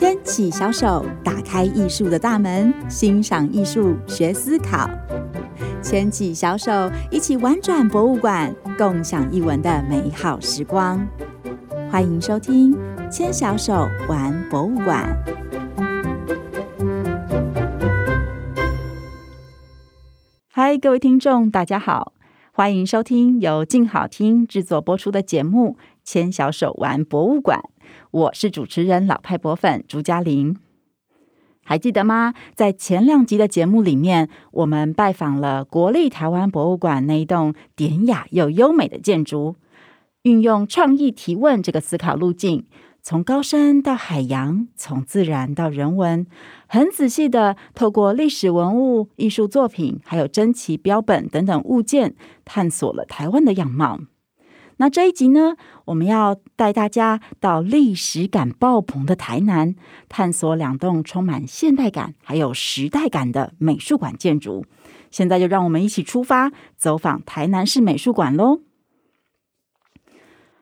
牽起小手，打開藝術的大門，欣賞藝術，學思考。牽起小手，一起玩轉博物館，共享藝文的美好時光。歡迎收聽《牽小手玩博物館》。嗨，各位聽眾，大家好，歡迎收聽由鏡好聽製作播出的節目《牽小手玩博物館》。我是主持人老派博粉朱家琳，還記得嗎？在前兩集的節目裡面，我們拜訪了國立台灣博物館那一棟典雅又優美的建築，運用創意提問這個思考路徑，從高山到海洋，從自然到人文，很仔細的透過歷史文物、藝術作品，還有珍奇標本等等物件，探索了台灣的樣貌。那這一集呢，我們要帶大家到歷史感爆棚的台南，探索兩棟充滿現代感還有時代感的美術館建築。現在就讓我們一起出發，走訪台南市美術館嘍！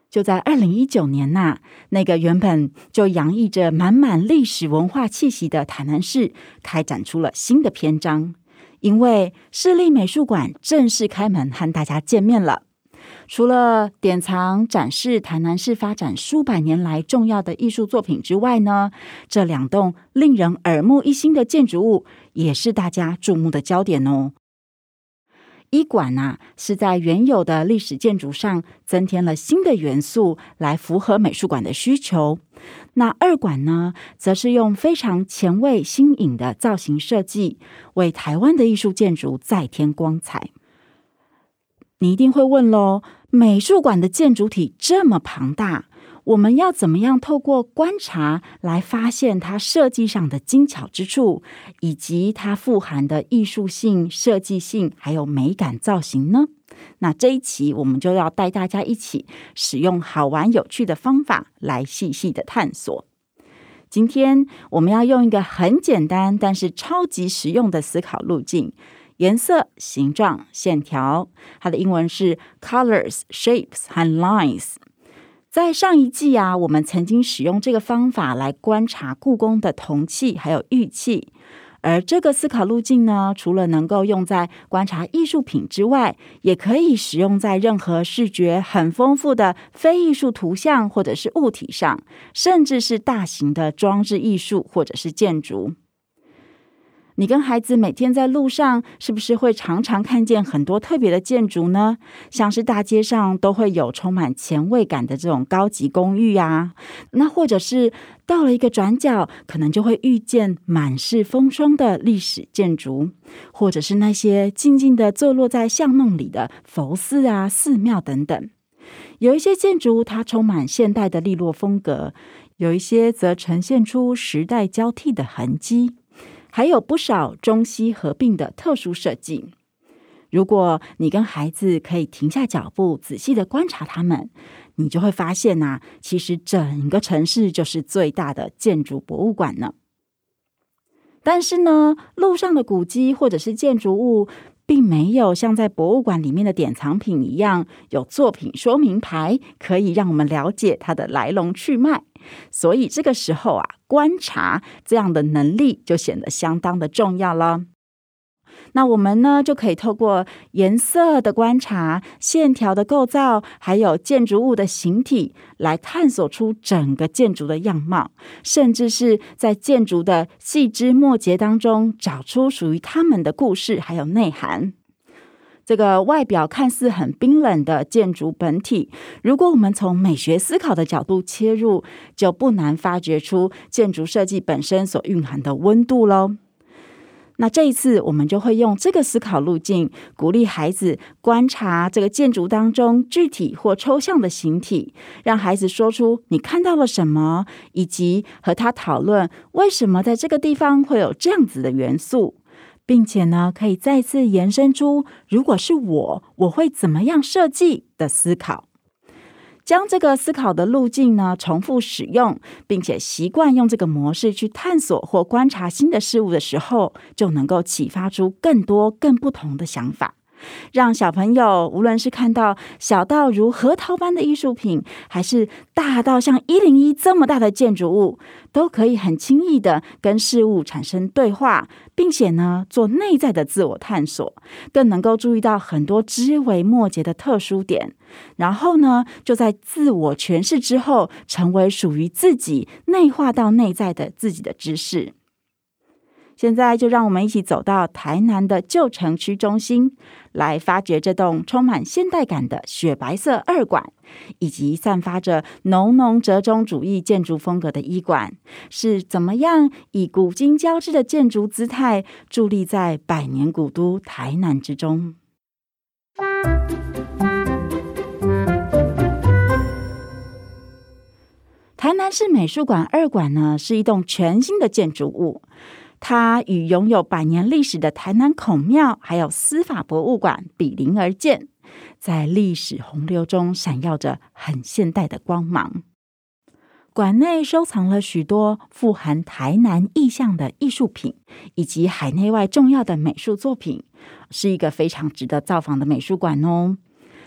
就在二零一九年吶、啊，那個原本就洋溢着滿滿歷史文化氣息的台南市，開展出了新的篇章，因為市立美術館正式開門和大家見面了。除了典藏展示台南市發展數百年來重要的藝術作品之外呢，這兩棟令人耳目一新的建築物也是大家注目的焦點哦。一館呢，啊，是在原有的歷史建築上增添了新的元素，來符合美術館的需求；那二館呢，則是用非常前衛新穎的造型設計，為台灣的藝術建築再添光彩。你一定會問嘍，美術館的建築體這麼龐大，我們要怎麼樣透過觀察來發現它設計上的精巧之處，以及它富含的藝術性、設計性，還有美感造型呢？那這一期我們就要帶大家一起使用好玩有趣的方法來細細的探索。今天我們要用一個很簡單，但是超級實用的思考路徑。顏色、形狀、線條，它的英文是 colors、shapes 和 lines。在上一季啊，我們曾經使用這個方法來觀察故宮的銅器還有玉器。而這個思考路徑呢，除了能夠用在觀察藝術品之外，也可以使用在任何視覺很豐富的非藝術圖像或者是物體上，甚至是大型的裝置藝術或者是建築。你跟孩子每天在路上，是不是會常常看見很多特別的建築呢？像是大街上都會有充滿前衛感的這種高級公寓啊，那或者是到了一個轉角，可能就會遇見滿是風霜的歷史建築，或者是那些靜靜的坐落在巷弄裡的佛寺啊、寺廟等等。有一些建築它充滿現代的利落風格，有一些則呈現出時代交替的痕跡。還有不少中西合璧的特殊設計。如果你跟孩子可以停下腳步，仔細的觀察他們，你就會發現吶、啊，其實整個城市就是最大的建築博物館呢。但是呢，路上的古蹟或者是建築物，並沒有像在博物館裡面的典藏品一樣，有作品說明牌可以讓我們了解它的來龍去脈。所以這個時候啊，觀察這樣的能力就顯得相當的重要了。那我們呢，就可以透過顏色的觀察、線條的構造，還有建築物的形體，來探索出整個建築的樣貌，甚至是在建築的細枝末節當中，找出屬於他們的故事還有內涵。這個外表看似很冰冷的建築本體，如果我們從美學思考的角度切入，就不難發掘出建築設計本身所蘊含的溫度嘍。那這一次，我們就會用這個思考路徑，鼓勵孩子觀察這個建築當中具體或抽象的形體，讓孩子說出你看到了什麼，以及和他討論為什麼在這個地方會有這樣子的元素。並且呢，可以再次延伸出，如果是我，我會怎麼樣設計的思考，將這個思考的路徑呢，重複使用，並且習慣用這個模式去探索或觀察新的事物的時候，就能夠啟發出更多更不同的想法。讓小朋友，無論是看到小到如核桃般的藝術品，還是大到像一零一這麼大的建築物，都可以很輕易的跟事物產生對話，並且呢，做內在的自我探索，更能夠注意到很多枝微末節的特殊點，然後呢，就在自我詮釋之後，成為屬於自己內化到內在的自己的知識。現在就讓我們一起走到台南的舊城區中心，來發掘這棟充滿現代感的雪白色二館，以及散發着濃濃折衷主義建築風格的一館，是怎麼樣以古今交織的建築姿態，佇立在百年古都台南之中。台南市美術館二館呢，是一棟全新的建築物。它與擁有百年歷史的台南孔廟，還有司法博物館比鄰而建，在歷史洪流中閃耀着很現代的光芒。館內收藏了許多富含台南意象的藝術品，以及海內外重要的美術作品，是一個非常值得造訪的美術館哦。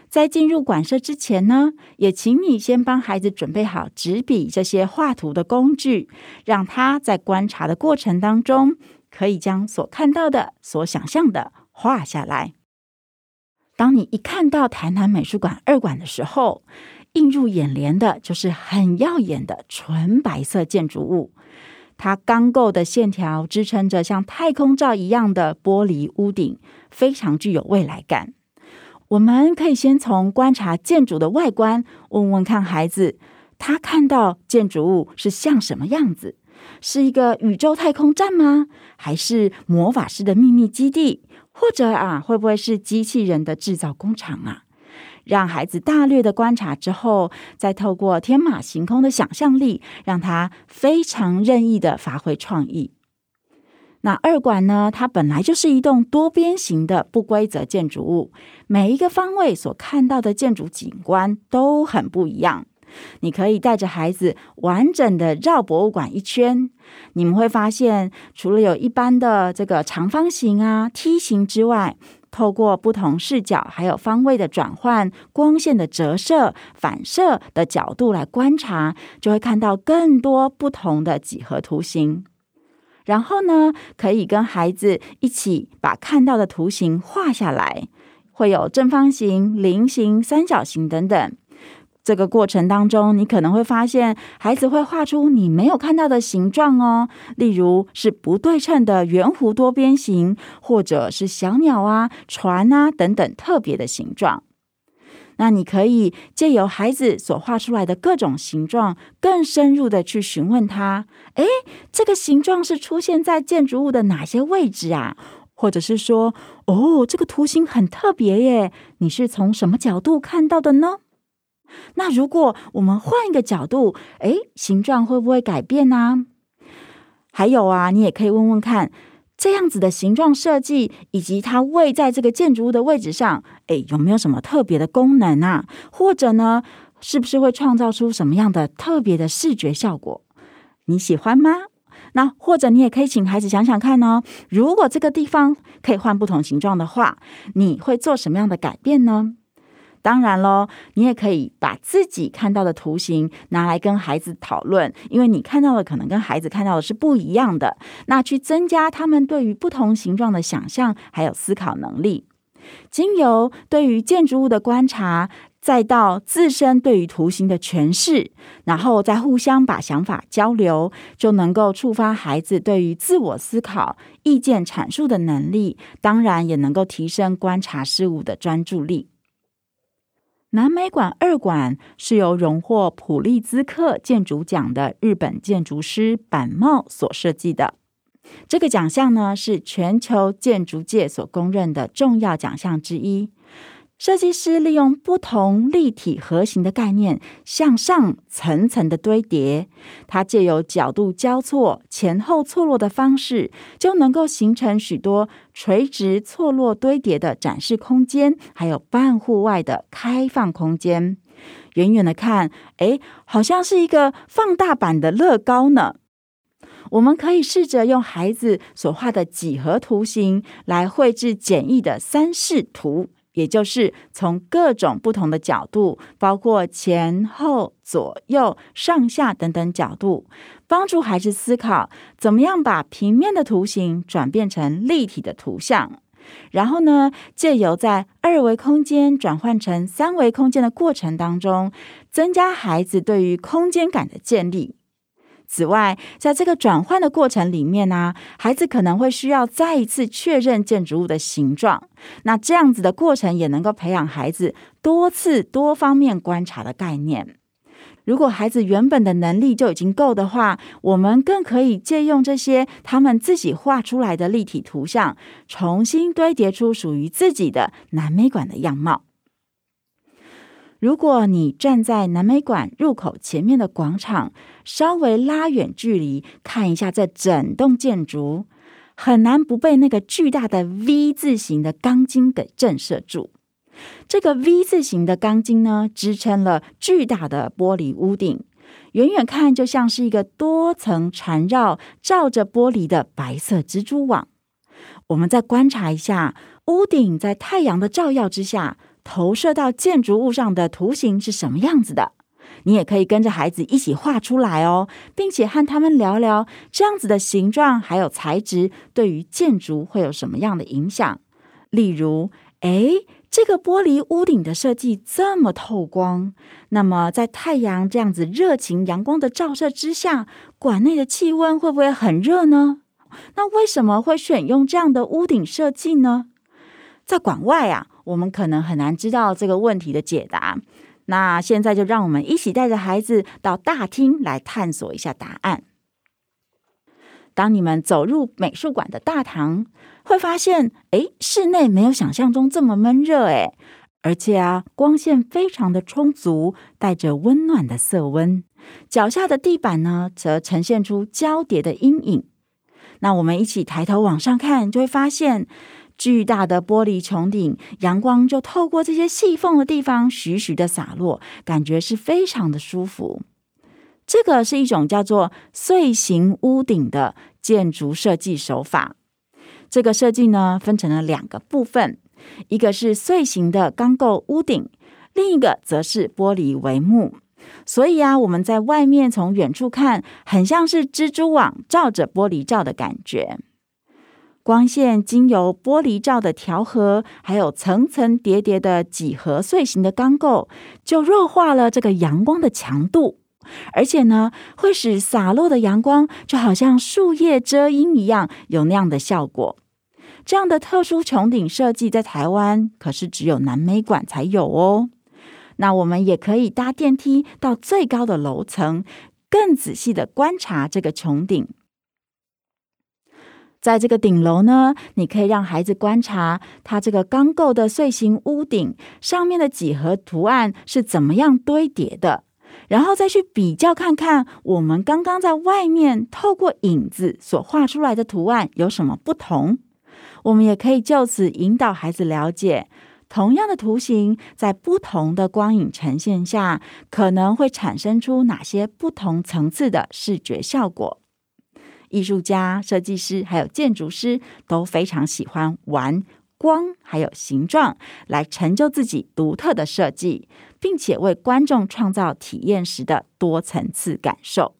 在進入館舍之前呢，也請你先幫孩子準備好紙筆這些畫圖的工具，讓他在觀察的過程當中，可以將所看到的、所想象的畫下來。當你一看到台南美術館二館的時候，映入眼簾的就是很耀眼的純白色建築物，它鋼構的線條支撐着像太空罩一樣的玻璃屋頂，非常具有未來感。我們可以先從觀察建築的外觀，問問看孩子，他看到建築物是像什麼樣子？是一個宇宙太空站嗎？還是魔法師的秘密基地？或者啊，會不會是機器人的製造工廠啊？讓孩子大略的觀察之後，再透過天馬行空的想象力讓他非常任意的發揮創意。那二館呢，它本來就是一棟多邊形的不規則建築物，每一個方位所看到的建築景觀都很不一樣。你可以帶着孩子完整地繞博物館一圈，你們會發現，除了有一般的這個長方形啊、梯形之外，透過不同視角還有方位的轉換、光線的折射、反射的角度來觀察，就會看到更多不同的幾何圖形。然後呢，可以跟孩子一起把看到的圖形畫下來，會有正方形、菱形、三角形等等。這個過程當中，你可能會發現孩子會畫出你沒有看到的形狀哦，例如是不對稱的圓弧多邊形，或者是小鳥啊、船啊等等特別的形狀。那你可以借由孩子所畫出來的各種形狀，更深入的去詢問他：誒，這個形狀是出現在建築物的哪些位置啊？或者是說，哦，這個圖形很特別耶，你是從什麼角度看到的呢？那如果我們換一個角度，誒，形狀會不會改變呢？還有啊，你也可以問問看。這樣子的形狀設計，以及它位在這個建築物的位置上，誒，有沒有什麼特別的功能啊？或者呢，是不是會創造出什麼樣的特別的視覺效果？你喜歡嗎？那或者你也可以請孩子想想看哦，如果這個地方可以換不同形狀的話，你會做什麼樣的改變呢？當然咯，你也可以把自己看到的圖形拿來跟孩子討論，因為你看到的可能跟孩子看到的是不一樣的。那去增加他們對於不同形狀的想象，還有思考能力。經由對於建築物的觀察，再到自身對於圖形的詮釋，然後再互相把想法交流，就能夠觸發孩子對於自我思考、意見闡述的能力。當然也能夠提升觀察事物的專注力。南美館二館是由榮獲普利茲克建築獎的日本建築師坂茂所設計的。這個獎項呢，是全球建築界所公認的重要獎項之一。設計師利用不同立體盒形的概念，向上層層的堆疊。它借由角度交錯、前後錯落的方式，就能夠形成許多垂直錯落堆疊的展示空間，還有半戶外的開放空間。遠遠的看，哎，好像是一個放大版的樂高呢。我們可以試着用孩子所畫的幾何圖形來繪制簡易的三視圖。也就是從各種不同的角度，包括前後、左右、上下等等角度，幫助孩子思考怎麼樣把平面的圖形轉變成立體的圖像，然後呢，借由在二維空間轉換成三維空間的過程當中，增加孩子對於空間感的建立。此外，在這個轉換的過程裡面呢、啊，孩子可能會需要再一次確認建築物的形狀。那這樣子的過程也能夠培養孩子多次多方面觀察的概念。如果孩子原本的能力就已經夠的話，我們更可以借用這些他們自己畫出來的立體圖像，重新堆疊出屬於自己的南美館的樣貌。如果你站在南美館入口前面的廣場，稍微拉遠距離看一下這整棟建築，很難不被那個巨大的 V 字形的鋼筋給震懾住。這個 V 字形的鋼筋呢，支撐了巨大的玻璃屋頂，遠遠看就像是一個多層纏繞、罩著玻璃的白色蜘蛛網。我們再觀察一下屋頂，在太陽的照耀之下，投射到建築物上的圖形是什麼樣子的？你也可以跟着孩子一起畫出來哦，並且和他們聊聊這樣子的形狀還有材質對於建築會有什麼樣的影響。例如，誒，這個玻璃屋頂的設計這麼透光，那麼在太陽這樣子熱情陽光的照射之下，館內的氣溫會不會很熱呢？那為什麼會選用這樣的屋頂設計呢？在館外啊。我們可能很難知道這個問題的解答。那現在就讓我們一起帶着孩子到大廳來探索一下答案。當你們走入美術館的大堂，會發現，哎，室內沒有想象中這麼悶熱，誒，而且啊，光線非常的充足，帶着溫暖的色溫。腳下的地板呢，則呈現出交疊的陰影。那我們一起抬頭往上看，就會發現。巨大的玻璃穹頂，陽光就透過這些細縫的地方，徐徐的灑落，感覺是非常的舒服。這個是一種叫做碎形屋頂的建築設計手法。這個設計呢，分成了兩個部分，一個是碎形的鋼構屋頂，另一個則是玻璃帷幕。所以啊，我們在外面從遠處看，很像是蜘蛛網罩着玻璃罩的感覺。光線經由玻璃罩的調和，還有層層疊疊的幾何碎形的鋼構，就弱化了這個陽光的強度，而且呢，會使灑落的陽光就好像樹葉遮陰一樣，有那樣的效果。這樣的特殊穹頂設計，在台灣可是只有南美館才有哦。那我們也可以搭電梯到最高的樓層，更仔細地觀察這個穹頂。在這個頂樓呢，你可以讓孩子觀察它這個鋼構的碎形屋頂上面的幾何圖案是怎麼樣堆疊的，然後再去比較看看我們剛剛在外面透過影子所畫出來的圖案有什麼不同。我們也可以就此引導孩子了解，同樣的圖形在不同的光影呈現下，可能會產生出哪些不同層次的視覺效果。藝術家、設計師還有建築師都非常喜歡玩光，還有形狀，來成就自己獨特的設計，並且為觀眾創造體驗時的多層次感受。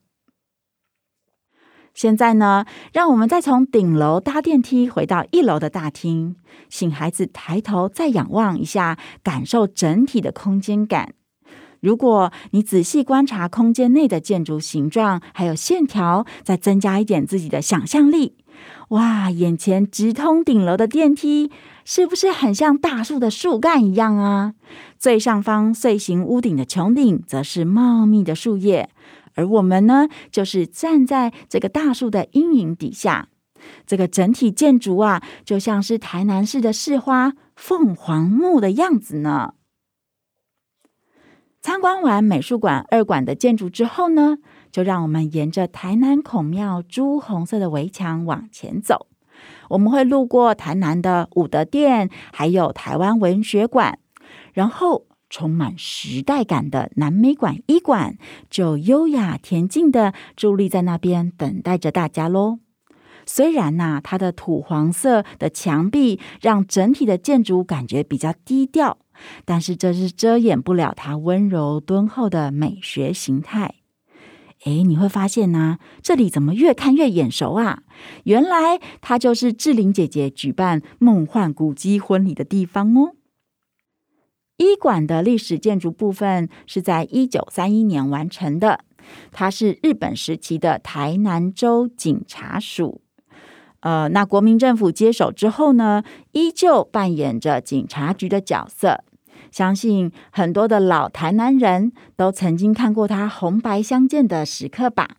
現在呢，讓我們再從頂樓搭電梯回到一樓的大廳，請孩子抬頭再仰望一下，感受整體的空間感。如果你仔細觀察空間內的建築形狀，還有線條，再增加一點自己的想象力，哇！眼前直通頂樓的電梯，是不是很像大樹的樹幹一樣啊？最上方碎形屋頂的穹頂，則是茂密的樹葉，而我們呢，就是站在這個大樹的陰影底下。這個整體建築啊，就像是台南市的市花鳳凰木的樣子呢。參觀完美術館二館的建築之後呢，就讓我們沿着台南孔廟朱紅色的圍牆往前走。我們會路過台南的武德殿，還有台灣文學館，然後充滿時代感的南美館一館就優雅恬靜的佇立在那邊，等待着大家嘍。雖然吶、啊，它的土黃色的牆壁讓整體的建築感覺比較低調。但是這是遮掩不了她溫柔敦厚的美學形態。哎，你會發現呢、啊，這裡怎麼越看越眼熟啊？原來她就是志玲姐姐舉辦夢幻古蹟婚禮的地方哦。美館的歷史建築部分是在一九三一年完成的，它是日本時期的台南州警察署。呃，那國民政府接手之後呢，依舊扮演着警察局的角色。相信很多的老台南人都曾經看過它紅白相間的石刻吧。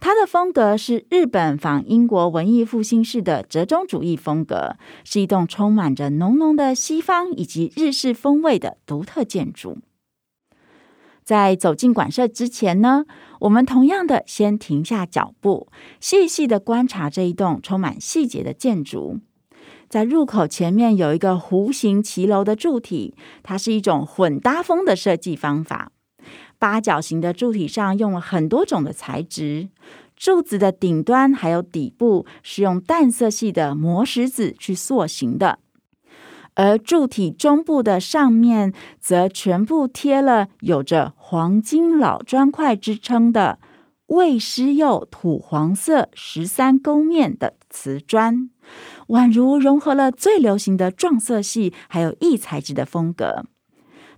它的風格是日本仿英國文藝復興式的折衷主義風格，是一棟充滿着濃濃的西方以及日式風味的獨特建築。在走進館舍之前呢，我們同樣的先停下腳步，細細的觀察這一棟充滿細節的建築。在入口前面有一個弧形騎樓的柱體，它是一種混搭風的設計方法。八角形的柱體上用了很多種的材質，柱子的頂端還有底部是用淡色系的磨石子去塑形的，而柱體中部的上面則全部貼了有着“黃金老磚塊”之稱的未施釉土黃色十三溝面的瓷磚。宛如融合了最流行的撞色系，還有異材質的風格。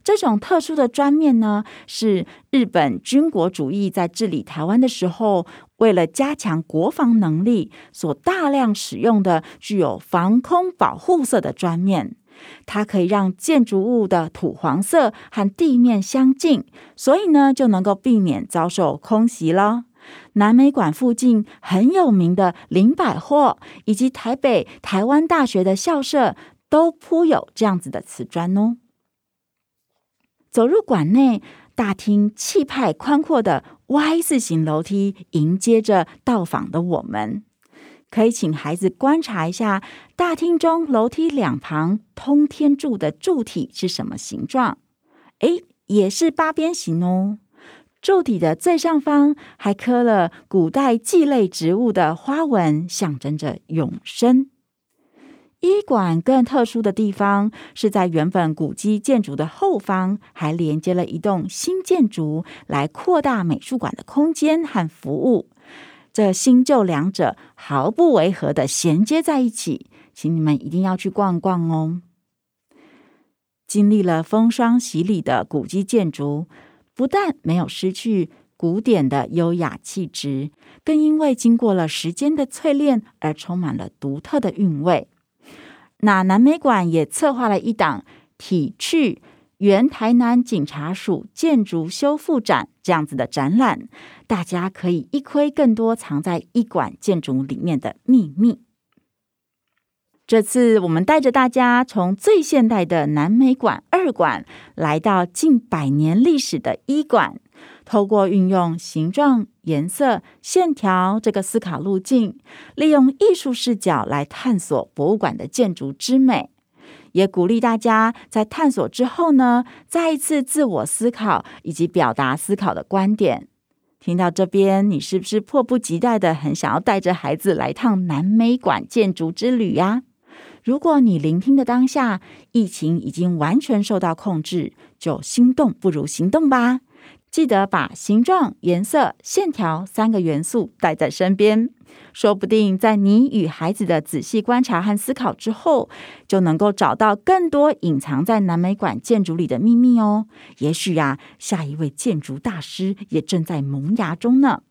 這種特殊的磚面呢，是日本軍國主義在治理台灣的時候，為了加強國防能力，所大量使用的具有防空保護色的磚面。它可以讓建築物的土黃色和地面相近，所以呢，就能夠避免遭受空襲咯。南美館附近很有名的林百貨，以及台北台灣大學的校舍，都鋪有這樣子的瓷磚哦。走入館內，大廳氣派寬闊的 Y 字形樓梯，迎接着到訪的我們。可以請孩子觀察一下大廳中樓梯兩旁通天柱的柱體是什麼形狀？誒，也是八邊形哦。柱體的最上方還刻了古代薊類植物的花紋，象徵着永生。醫館更特殊的地方是在原本古蹟建築的後方，還連接了一棟新建築，來擴大美術館的空間和服務。這新舊兩者毫不違和的銜接在一起，請你們一定要去逛逛哦！經歷了風霜洗禮的古蹟建築不但沒有失去古典的優雅氣質，更因為經過了時間的淬煉而充滿了獨特的韻味。那南美館也策劃了一檔體趣原台南警察署建築修復展這樣子的展覽，大家可以一窺更多藏在一館建築裡面的秘密。這次我們帶着大家從最現代的南美館二館來到近百年歷史的一館，透過運用形狀、顏色、線條這個思考路徑，利用藝術視角來探索博物館的建築之美，也鼓勵大家在探索之後呢，再一次自我思考以及表達思考的觀點。聽到這邊，你是不是迫不及待的很想要帶着孩子來趟南美館建築之旅呀、啊？如果你聆聽的當下，疫情已經完全受到控制，就心動不如行動吧！記得把形狀、顏色、線條三個元素帶在身邊，說不定在你與孩子的仔細觀察和思考之後，就能夠找到更多隱藏在南美館建築裡的秘密哦！也許呀、啊，下一位建築大師也正在萌芽中呢。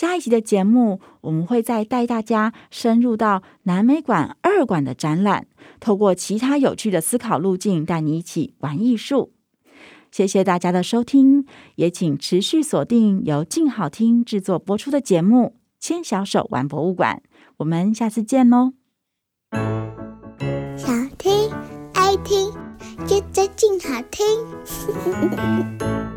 下一集的節目，我們會再帶大家深入到南美館二館的展覽，透過其他有趣的思考路徑，帶你一起玩藝術。謝謝大家的收聽，也請持續鎖定由靜好聽製作播出的節目《牽小手玩博物館》，我們下次見嘍！想聽愛聽，就在靜好聽。